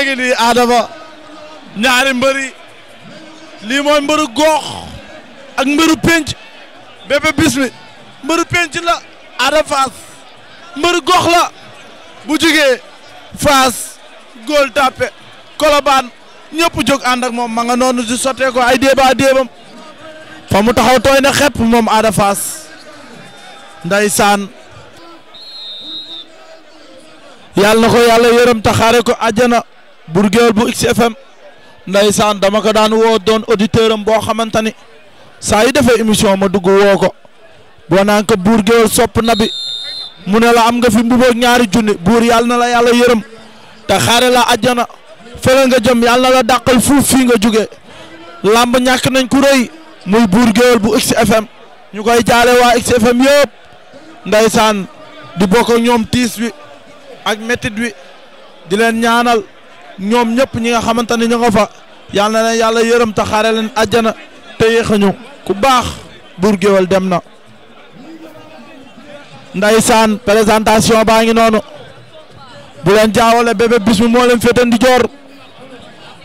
ñaata ngi nii Adama ñaari mbëri lii mooy mbëru goox ak mbëru penc Bébé Bismi mbëru penc la Ada mbër mbëru gox la bu jugee Fass Gueule Tapée Colobane ñëpp jóg ànd ak moom ma nga noonu di sottee ko ay déeba déebam fa mu taxaw tooy na xepp moom Ada Fass ndeysaan yàlla na ko yàlla yërëm taxaare ko àjjana Bour Gueweul bu XFM saan dama ko daan woo doon auditeur am boo xamante ni saa yu defee émission ma dugg woo ko boo naan ko Bour Gueweul sopp na bi mu ne la am nga fi mbuboog ñaari junni buur yàlla na la yàlla yërëm te xaare la àjjana fële nga jëm yàlla na la dàqal fuuf fii nga jóge làmb ñàkk nañ ku rëy muy buur Gueweul bu XFM ñu koy jaale waa XFM yëpp ndeysaan di bokk ak ñoom tiis wi ak metit wi di leen ñaanal ñoom ñëpp ñi nga xamante ne ñu nga fa yal na leen yàlla yërëm te xaare leen àjjana te yéexañu ku baax buur géwél dem na ndaysaan présentation baa ngi noonu bu leen jaawale bébé bis mi moo leen féete ndijoor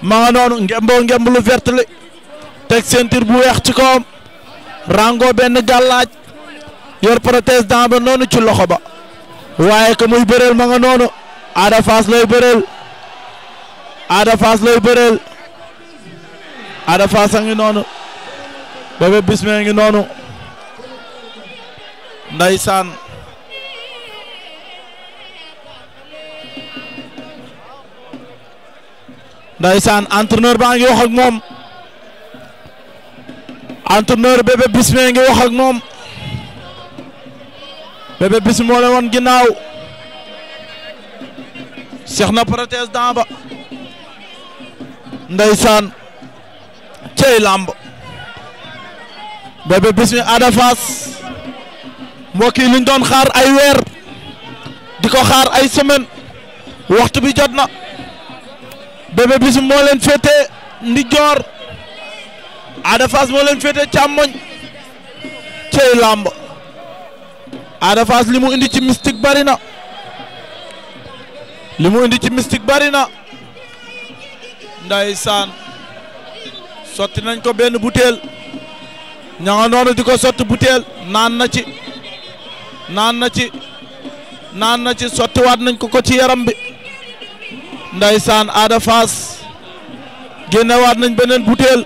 ma nga noonu ngemboo ngemb lu vert teg ceinture bu weex ci kawam rango benn gàllaaj yor protège-dents ba noonu ci loxo ba waaye que muy bëreel ma nga noonu Ada Fass lay bëreel Ada Fass lay bëreel Ada Fass a ngi noonu Bébé Bismi ngi noonu ndeysaan ndeysaan entraîneur baa ngi wax ak moom entraîneur Bébé Bismi ngi wax moom Bébé Bismi moo leen woon ginnaaw seex na protège daan ba ndeysaan cey làmb Bébé Bismi Ada Fass xaar ay weer di ko xaar ay semaine waxtu bi jot na Bébé Bismi moo féete ndijoor Ada Fass moo leen féete càmmoñ cey làmb Ada Fass li mu indi ci mistik bari na li indi ci mistik bari na ndeysaan sotti nañ ko benn butéel ña nga di ko sotti butéel naan na ci naan na ci naan na ci sottiwaat nañ ko ko ci yaram bi ndeysaan Ada Fass génnewaat nañ beneen butéel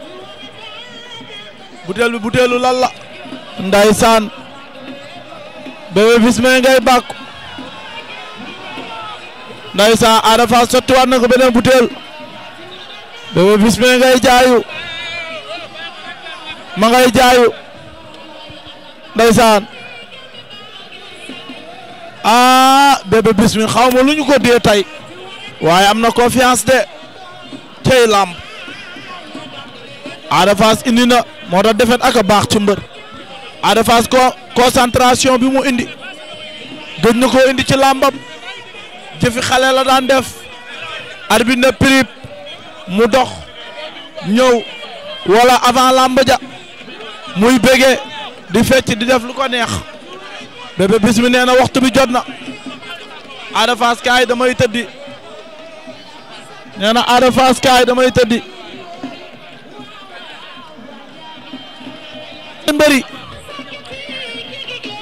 butéel bi butéelu lan la ndeysaan Bébé Bismi ngay bàkku ndeysaan Ada Fass sottiwaat nañ ko beneen butéel Bébé Bismi ngay jaayu ma ngay jaayu ndeysaan ah Bébé Bismi xaw ma lu ñu ko dee tey waaye am na confiance de tey làmb Ada indi na moo tax defet ak baax ci mbër Ada Fass concentration bi mu indi gëj ko indi ci làmbam jëfi xale la daan def arbitre na prip mu dox ñëw wala avant làmb ja muy bëggee di fecc di def lu ko neex Bébé Bismi nee na waxtu bi jot na Ada Fass kaay damay tëddi nee na Ada Fass kaay damay tëddi mbëri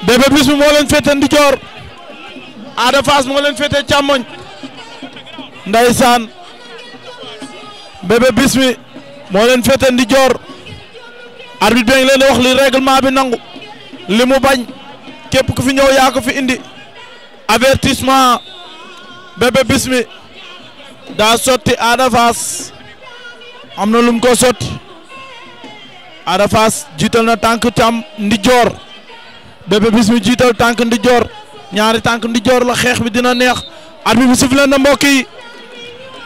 Bébé Bismi moo leen feete ndijoor Ada Fass moo leen feete càmmoñ ndeysaan Bébé Bismi moo leen féete ndi joor arbitre bi ngi leen di wax li règlement bi nangu li mu bañ képp ku fi ñëw yaa ko fi indi avertissement Bébé Bismi daa sotti Ada Fass am na lum ko sotti Ada Fass jiital na tànk cam ndi joor Bébé Bismi jiital tànk ndi ñaari tànk ndi joor la xeex bi dina neex arbitre bi sifflé na mbokk yi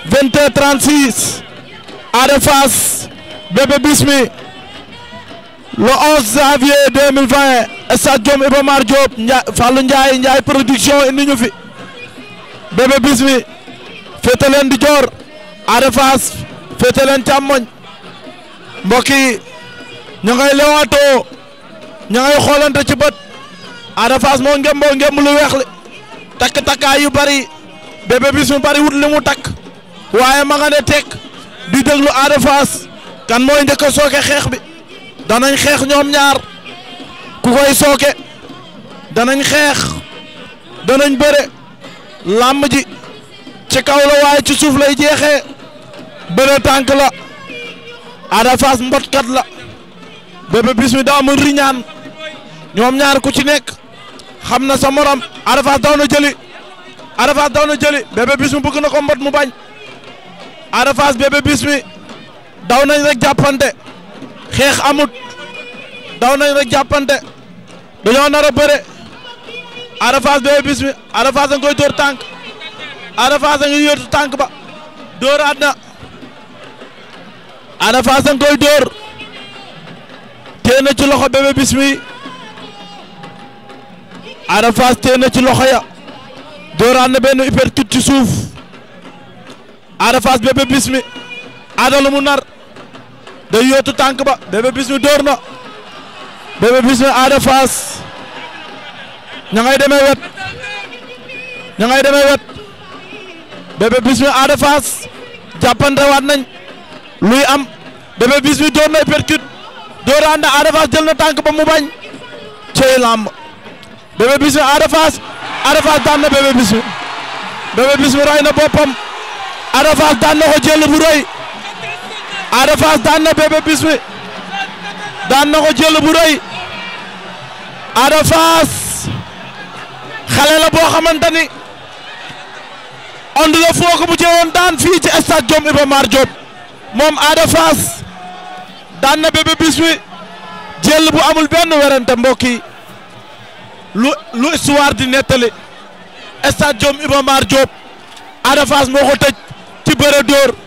20h36 Ada Fass Bébé Bismi le 11 janvier 2020 stade Diom Iba Mar Diop Ndia production indi ñu fi Bébé Bismi féete leen di joor Ada Fass féete leen càmmoñ mbokk yi ñu ngay lewaatoo ñu ngay xoolante ci bët Ada Fass moo ngemboo ngemb lu weex li takk takkaay yu bari Bébé Bismi bari wut li mu takk waaye ma nga ne tekk di déglu Ada Fass kan mooy njëkk a xeex bi danañ xeex ñoom ñaar ku koy sooke danañ xeex danañ bëre làmb ji ci kaw waaye ci suuf lay jeexe bëre tànk la Ada Fass mbotkat la Bébé Bismi daa mën riñaan ñoom ñaar ku ci nekk xam na sa morom Ada daw na jëli Ada daw na jëli Bébé Bismi bëgg na ko mbot mu bañ Ada Fass Bébé Bismi daw nañ rek jàppante xeex amut daw nañ rek jàppante dañoo nar a Ada Fass Bébé Bismi Ada Fass a koy dóor tànk Ada Fass a ngi yóotu tànk ba dóoraat na Ada Fass a koy dóor téye na ci loxo Bébé Bismi Ada Fass téye ci loxo ya dóoraat na benn uppercut ci suuf Ada Fass Bébé Bismi Ada mu nar day yóotu tànk ba Bébé Bismi dóor na Bébé Bismi Ada Fass ña ngay demee wet ña demee wet Bébé Bismi Ada Fass jàppante waat nañ luy am Bébé Bismi dóor na percute dóoraan na Ada Fass jël na tànk ba mu bañ cey làmb Bébé Bismi Ada Fass daan na Bébé Bismi Bébé Bismi ray boppam Ada Fass daan na ko jël bu rëy Ada Fass boo xamante ni ond la bu jëwoon daan fii ci stade Diop Iba Mar moom Ada daan na Bébé Bismi jël bu amul benn werante mbokk yi lu lu di nettali stade Diop Iba Mar Diop moo ko tëj di bëre dóor